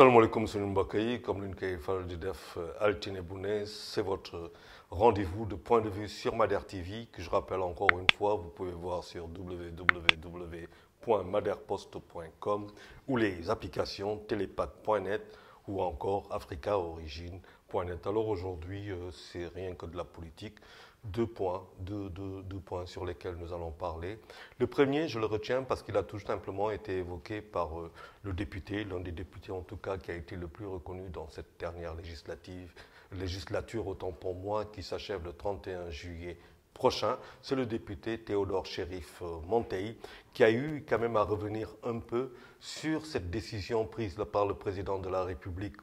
Assalamu alaikum, c'est Mbakaï, comme l'une koy di def euh, altine c'est votre rendez-vous de point de vue sur Madère TV que je rappelle encore une fois vous pouvez voir sur www.maderpost.com ou les applications telepath.net ou encore africaorigine.net alors aujourd'hui euh, c'est rien que de la politique deux points, deux, points sur lesquels nous allons parler. Le premier, je le retiens parce qu'il a tout simplement été évoqué par euh, le député, l'un des députés en tout cas qui a été le plus reconnu dans cette dernière législative, législature autant pour moi, qui s'achève le 31 juillet prochain, c'est le député Théodore Chérif euh, Monteil qui a eu quand même à revenir un peu sur cette décision prise par le président de la République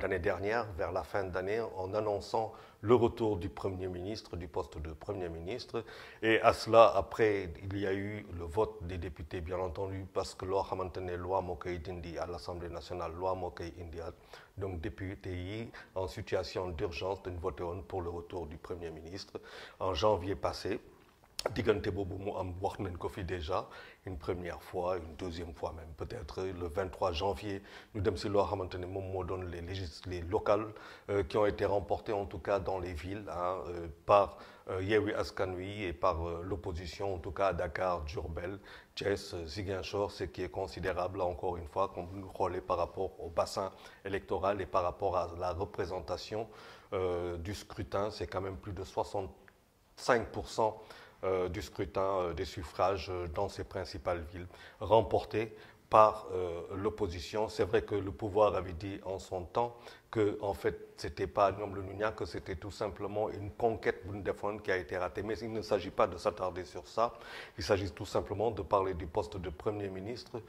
l'année dernière, vers la fin d'année, en annonçant le retour du Premier ministre, du poste de Premier ministre. Et à cela, après, il y a eu le vote des députés, bien entendu, parce que loi maintenu loi Mokei Dindi à l'Assemblée nationale, loi Mokei India, donc député en situation d'urgence, d'une vote pour le retour du Premier ministre en janvier passé. Diganté Bobo mu am déjà une première fois une deuxième fois même peut-être le 23 janvier Nous avons si loo les locales euh, qui ont été remportées en tout cas dans les villes hein, euh, par euh, Yewwi Askanui et par l'opposition en tout cas à Dakar Djurbel, Jess, Ziguinchor ce qui est considérable encore une fois par rapport au bassin électoral et par rapport à la représentation du scrutin c'est quand même plus de 65 euh, du scrutin euh, des suffrages euh, dans ces principales villes, remportés par l'opposition. C'est vrai que le pouvoir avait dit en son temps que, en fait, c'était pas le Nounia, que c'était tout simplement une conquête bundéfone qui a été ratée. Mais il ne s'agit pas de s'attarder sur ça. Il s'agit tout simplement de parler du poste de Premier ministre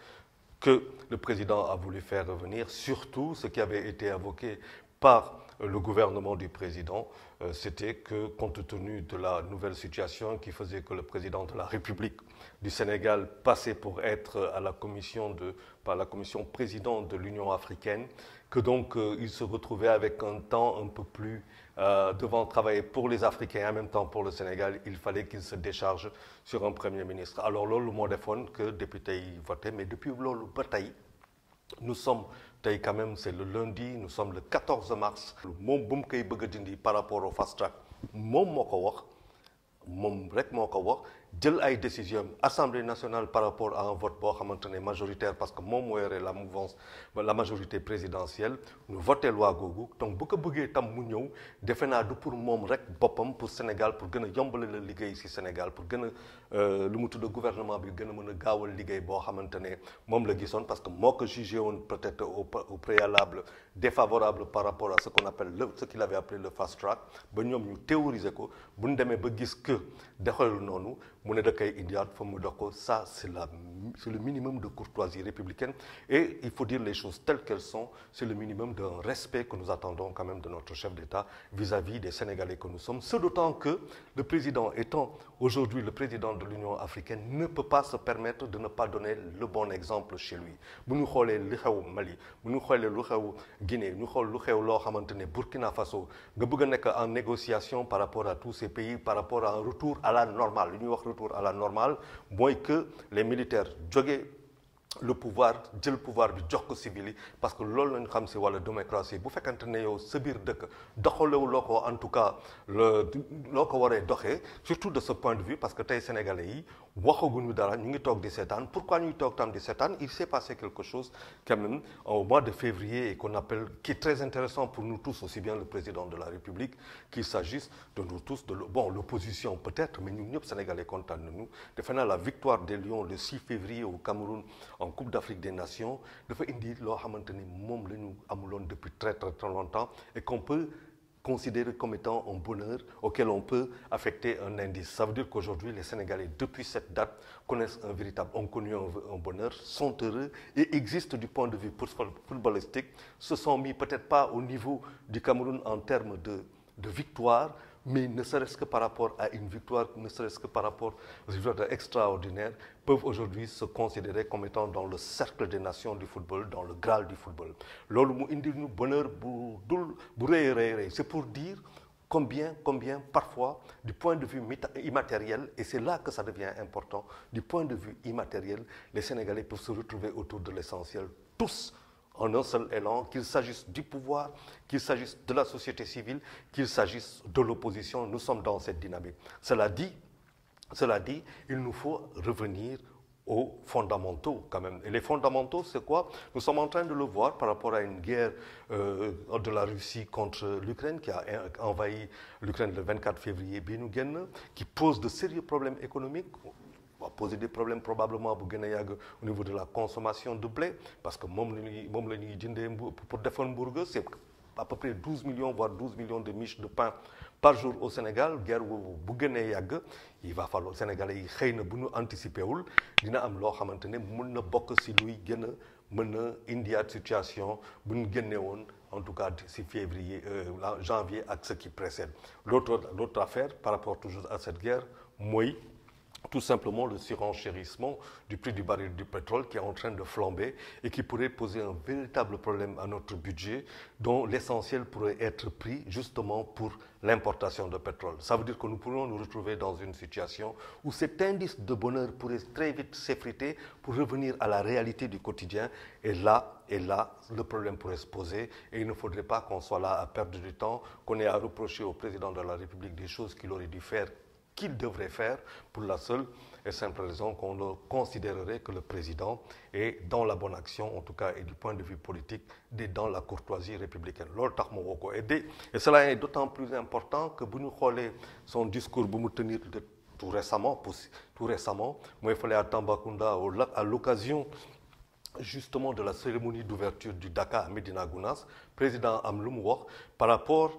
que le président a voulu faire revenir, surtout ce qui avait été invoqué par le gouvernement du président, euh, c'était que, compte tenu de la nouvelle situation qui faisait que le président de la République du Sénégal passait pour être à la commission de, par la commission présidente de l'Union africaine, que donc euh, il se retrouvait avec un temps un peu plus euh, devant travailler pour les Africains en même temps pour le Sénégal, il fallait qu'il se décharge sur un Premier ministre. Alors là, le mot que député votait, mais depuis le bataille, nous sommes quand même c'est le lundi nous sommes le 14 mars Mon bu mu par rapport au fast track Mon moo wax rek jël ay décision assemblée nationale par rapport à un vote bo xamante majoritaire parce que mom moo la mouvance la majorité présidentielle nous voté loi Gogou. donc bu ko bëggee tam mu ñëw defe naa du pour mom rek bopam pour Sénégal pour gëna yombalé le la liggéey ci Sénégal pour gëna euh, lu mu tudd gouvernement bi gëna mëna gawal a gaawal liggéey boo xamante ne la gisoon parce que moo que jugé woon peut-être au au préalable défavorable par rapport à ce qu'on appelle le ce qu'il avait appelé le fast track ba ñom ñu théoriser ko bu démé ba gis que doxalu nonu ça c'est le minimum de courtoisie républicaine et il faut dire les choses telles qu'elles sont c'est le minimum d'un respect que nous attendons quand même de notre chef d'État vis-à-vis des Sénégalais que nous sommes ce d'autant que le président étant aujourd'hui le président de l'Union africaine ne peut pas se permettre de ne pas donner le bon exemple chez lui Nous ñu le lu Mali nous Guinée ñu lu Burkina Faso Nous bëgg en négociation par rapport à tous ces pays par rapport à un retour à la normale à la normale moins que les militaires jouent le pouvoir le pouvoir du jox civil parce que l'on lañu xam si wàllu démocratie bu vous ne yow sa de que d'accord le en tout cas le loo ko surtout de ce point de vue parce que les sénégalais pourquoi il s'est passé quelque chose quand au mois de février et qu'on appelle qui est très intéressant pour nous tous aussi bien le président de la République qu'il s'agisse de nous tous de bon l'opposition peut-être mais nous, sommes sénégalais de nous. nous. la victoire des Lions le 6 février au Cameroun en Coupe d'Afrique des Nations de indi loo xamante nous moom depuis très très très longtemps et qu'on peut considéré comme étant un bonheur auquel on peut affecter un indice. Ça veut dire qu'aujourd'hui, les Sénégalais, depuis cette date, connaissent un véritable, ont connu un, bonheur, sont heureux et existent du point de vue footballistique, se sont mis peut-être pas au niveau du Cameroun en termes de, de victoire, mais ne serait-ce que par rapport à une victoire, ne serait-ce que par rapport aux victoires extraordinaires, peuvent aujourd'hui se considérer comme étant dans le cercle des nations du football, dans le graal du football. bonheur c'est pour dire combien, combien parfois du point de vue immatériel, et c'est là que ça devient important, du point de vue immatériel, les Sénégalais peuvent se retrouver autour de l'essentiel, tous en un seul élan, qu'il s'agisse du pouvoir, qu'il s'agisse de la société civile, qu'il s'agisse de l'opposition, nous sommes dans cette dynamique. Cela dit, cela dit, il nous faut revenir aux fondamentaux quand même. Et les fondamentaux, c'est quoi Nous sommes en train de le voir par rapport à une guerre euh, de la Russie contre l'Ukraine qui a envahi l'Ukraine le 24 février, qui pose de sérieux problèmes économiques va poser des problèmes probablement au niveau de la consommation de blé parce que même le pour c'est à peu près 12 millions voire 12 millions de miches de pain par jour au Sénégal guerre où bu il va falloir Sénégalais Sénégal Sénégalais na bu ñu anticiper il dina am loo ne mën si luy gën a India situation bu en tout cas si février euh, janvier à ce qui précède l'autre affaire par rapport toujours à cette guerre moi tout simplement le surenchérissement du prix du baril du pétrole qui est en train de flamber et qui pourrait poser un véritable problème à notre budget dont l'essentiel pourrait être pris justement pour l'importation de pétrole. Ça veut dire que nous pourrions nous retrouver dans une situation où cet indice de bonheur pourrait très vite s'effriter pour revenir à la réalité du quotidien et là, et là, le problème pourrait se poser et il ne faudrait pas qu'on soit là à perdre du temps, qu'on ait à reprocher au président de la République des choses qu'il aurait dû faire qu'il devrait faire pour la seule et simple raison qu'on considérerait que le président est dans la bonne action, en tout cas, et du point de vue politique, dans la courtoisie républicaine. Et cela est d'autant plus important que Bounou son discours, vous tenir tout récemment, tout récemment, il fallait à à l'occasion justement de la cérémonie d'ouverture du Dakar à Medina Gounas, président Amloum par rapport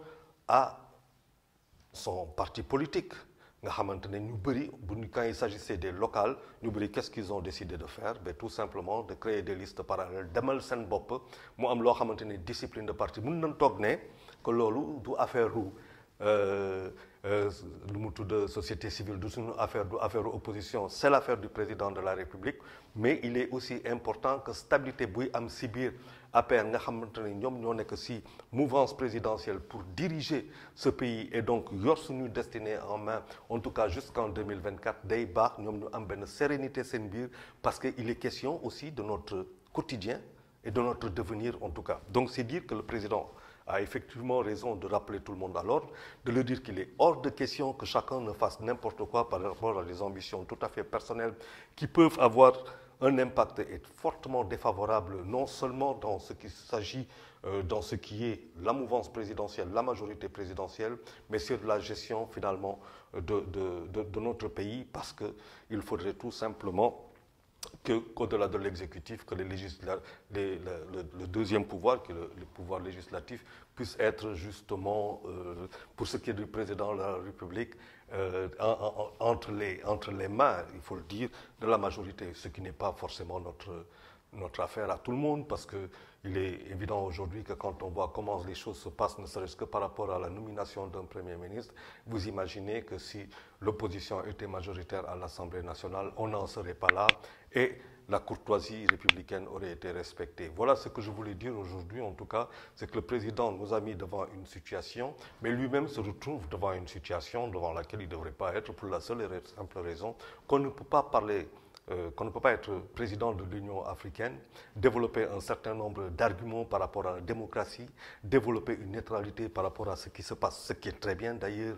à son parti politique nga ñu quand il s'agissait des locales ñu qu'est-ce qu'ils ont décidé de faire mais ben, tout simplement de créer des listes parallèles Demel seen Bop, mu am loo xamante discipline de parti mun nañ pas ne que loolu du affaire euh, euh, lu mu société civile du suñu affaire du c'est l'affaire du président de la République mais il est aussi important que stabilité buy am Sibir. APR nous avons ne ñoo que ci mouvance présidentielle pour diriger ce pays et donc nous sommes destinée en main en tout cas jusqu'en 2024 day sérénité parce qu'il est question aussi de notre quotidien et de notre devenir en tout cas donc c'est dire que le président a effectivement raison de rappeler tout le monde à l'ordre, de le dire qu'il est hors de question que chacun ne fasse n'importe quoi par rapport à des ambitions tout à fait personnelles qui peuvent avoir un impact est fortement défavorable, non seulement dans ce qui s'agit, euh, dans ce qui est la mouvance présidentielle, la majorité présidentielle, mais sur la gestion finalement de, notre pays, parce qu'il faudrait tout simplement qu'au-delà de l'exécutif, que le, deuxième pouvoir, que le, pouvoir législatif, puisse être justement, euh, pour ce qui est du président de la République, euh, entre, les, entre les mains, il faut le dire, de la majorité, ce qui n'est pas forcément notre, notre affaire à tout le monde, parce qu'il est évident aujourd'hui que quand on voit comment les choses se passent, ne serait-ce que par rapport à la nomination d'un Premier ministre, vous imaginez que si l'opposition était majoritaire à l'Assemblée nationale, on n'en serait pas là. Et la courtoisie républicaine aurait été respectée. Voilà ce que je voulais dire aujourd'hui, en tout cas, c'est que le président nous a mis devant une situation, mais lui-même se retrouve devant une situation devant laquelle il ne devrait pas être, pour la seule et simple raison qu'on ne peut pas parler euh, qu'on ne peut pas être président de l'Union africaine, développer un certain nombre d'arguments par rapport à la démocratie, développer une neutralité par rapport à ce qui se passe, ce qui est très bien d'ailleurs,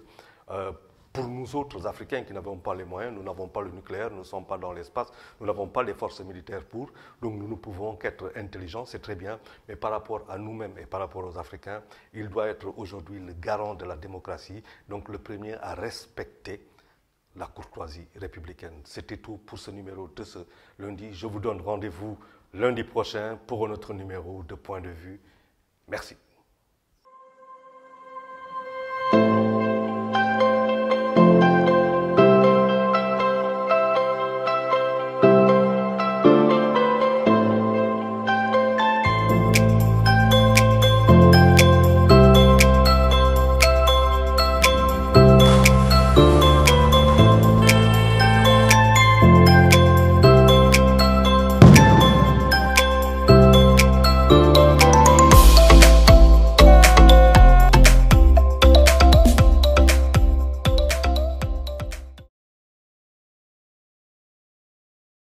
euh, pour nous autres Africains qui n'avons pas les moyens, nous n'avons pas le nucléaire, nous ne sommes pas dans l'espace, nous n'avons pas les forces militaires pour, donc nous ne pouvons qu'être intelligents, c'est très bien, mais par rapport à nous-mêmes et par rapport aux Africains, il doit être aujourd'hui le garant de la démocratie, donc le premier à respecter la courtoisie républicaine. C'était tout pour ce numéro de ce lundi. Je vous donne rendez-vous lundi prochain pour notre numéro de point de vue. Merci.